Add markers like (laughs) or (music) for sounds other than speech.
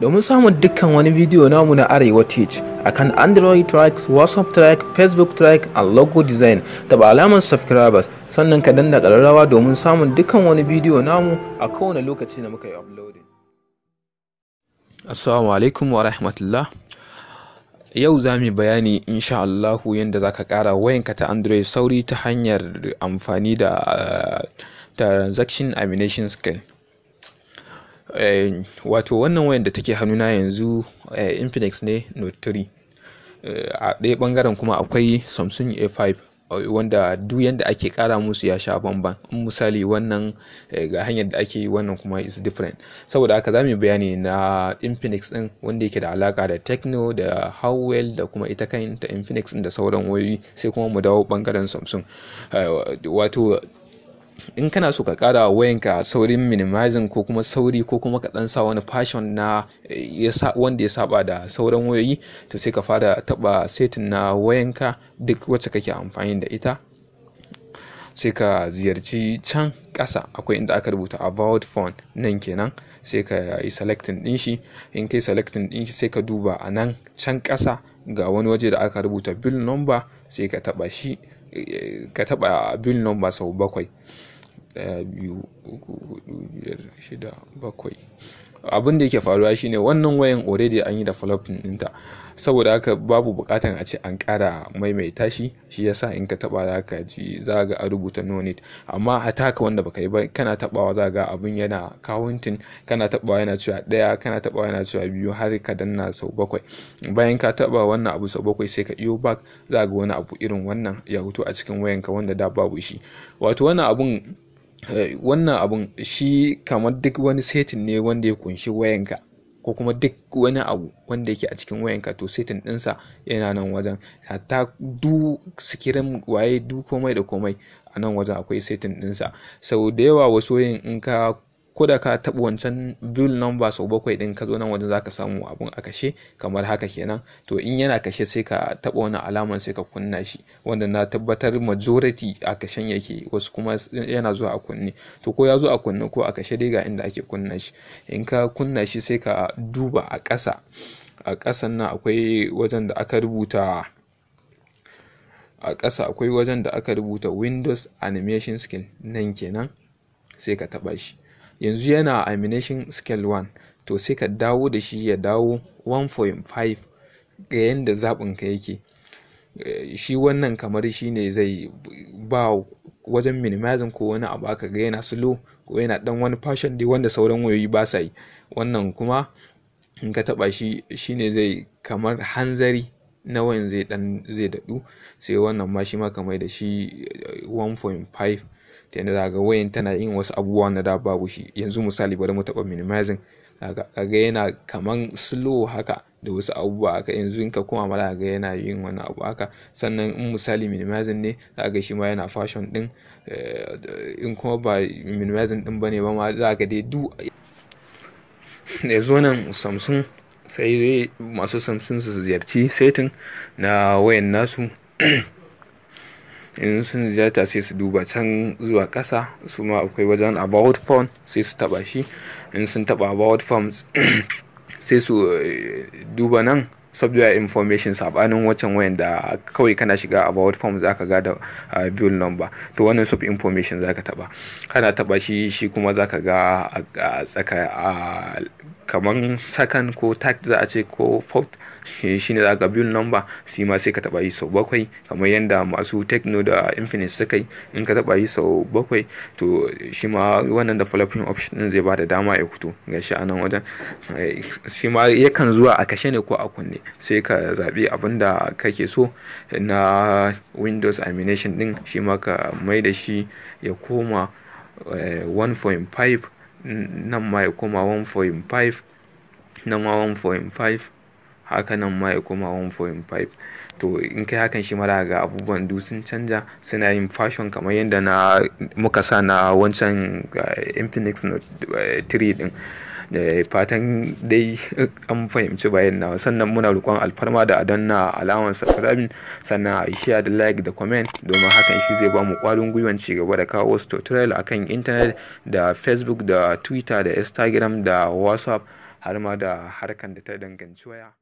Domin samun dukkan wani bidiyo namu na Arewa Teach akan Android tracks, WhatsApp track, Facebook track and logo design taba alamar subscribers sannan ka danna ƙararrawa domin samun dukkan wani bidiyo namu a kowane lokaci da muka yi uploading. Assalamu alaikum wa rahmatullah. Yau za mu bayani insha Allahu yadda za ka wayan wayanka ta Android sauri ta hanyar amfani da uh, transaction amination scale. Eh, wato wannan wayan da take hannuna yanzu eh, infinix ne note 3 eh, a ɗaya ɓangaren kuma akwai samsung a5 wanda duk yadda ake ƙara musu ya sha bamban in misali wannan ga hanyar da ake wannan kuma is different saboda haka za mu bayani na infinix ɗin wanda yake da alaka da techno da howell da kuma ita kanta infinix din da sauran wayoyi sai kuma mu dawo bangaren samsung wato in kana so ka kara wayanka saurin minimizing ko kuma sauri ko kuma ka dan sa wani fashion na eh, wanda ya saba da sauran wayoyi to sai ka fara taba setin na wayanka duk wacce kake amfani da ita sai ka ziyarci can kasa akwai inda aka rubuta about phone nan kenan sai ka yi selecting din shi in kai selecting din shi sai ka duba a nan can kasa ga wani waje da aka rubuta bill number sai ka taba shi eh, ka taba bill number sau bakwai biyu abin da yake faruwa shine wannan wayan already an yi developing ɗinta saboda haka babu bukatan a ce an kara maimaita shi shi yasa in ka taba za ka ji za ga a rubuta no need amma a taka wanda baka yi ba kana tabawa za ga abin yana counting kana tabawa yana cewa daya kana tabawa yana cewa biyu har ka danna sau bakwai bayan ka taba wannan abu sau bakwai sai ka iyo back za ga wani abu irin wannan ya hutu a cikin wayanka wanda da babu shi wato wannan abun Eh, wannan abun shi kamar duk wani setin ne wanda ya kunshi wayanka ko kuma duk wani abu wanda yake a cikin wayanka to setin ɗinsa yana nan wajen hatta du sikirin waye du komai da komai a nan wajen akwai setin ɗinsa sau da yawa wasu yin in ka ko da ka taɓa wancan bill number sau bakwai din ka zo nan wajen zaka samu abun a kashe kamar haka kenan to in yana kashe sai ka taɓa wani alaman sai ka kunna shi wanda na tabbatar majority a kashen yake wasu kuma yana zuwa a kunne to ko ya zo a kunne ko a kashe dai ga inda ake kunna shi in ka kunna shi sai ka duba a ƙasa a ƙasan nan akwai wajen da aka rubuta a ƙasa akwai wajen da aka rubuta windows animation skill nan kenan sai ka taɓa shi yanzu yana a amination scale 1 to sai ka dawo da shi ya dawo 1.5 ga yadda ka yake eh, shi wannan kamar shi ne zai ba wajen minimizing ko wani abu aka ga yana slow ko yana dan wani fashion dai wanda sauran wayoyi ba sa yi wannan kuma in ka taba shi shine zai kamar hanzari na wayan zai dan zai daɗu sai wannan ma shi maka ka mai da shi 1.5 eh, ta yadda za ga wayan tana yin wasu abubuwa na da babu shi yanzu misali bari mu taɓa minimizing kaga yana kaman slow haka da wasu abubuwa haka yanzu in ka koma mala ga yana yin wani abu haka sannan in misali minimizing ne za ga shi ma yana fashion din eh, in kuma ba minimizing din bane ba ma za ga dai du eh, yanzu nan samsung sai masu samsun su ziyarci setin na wayan nasu in sun ziyarta sai su duba can zuwa kasa su ma akwai wajen about phone sai su taba shi in sun taba about forms (clears throat) sai su eh, duba nan software information sabanin wancan wayan da kawai kana shiga about form za ka gada bill ah, number to wannan sub information za ka taba kana taba shi shi kuma za ka ga a tsaka kamar second ko third za a ce ko fourth shi ne za lamba build number shi ma sai ka taba yi sau bakwai kamar yadda masu techno da infinite suka yi in ka taba yi sau bakwai to shi ma wannan developing option din zai ba da dama ya fito ga shi a nan wajen eh, shi ma yakan zuwa a kashe ne ko a kunne sai ka zaɓi abin da kake so na windows animation din shi ma ka mai da shi ya koma 1.5 eh, nan ma ya koma 1.5 nan ma 1.5 haka nan ma ya koma 1.5 to in kai hakan shi mara ga abubuwan du sun canja suna yin fashion kamar yadda na muka sa na wancan eh, infinix 3 eh, din da fatan dai (laughs) an fahimci bayan na sannan muna rikon alfarma da adanna alawan subscribe sannan a share da like da comment domin hakan shi zai ba mu ƙwarin gwiwan cigaba da kawo wasu tutorial akan intanet da facebook da twitter da instagram da whatsapp har ma da harkan da ta danganci waya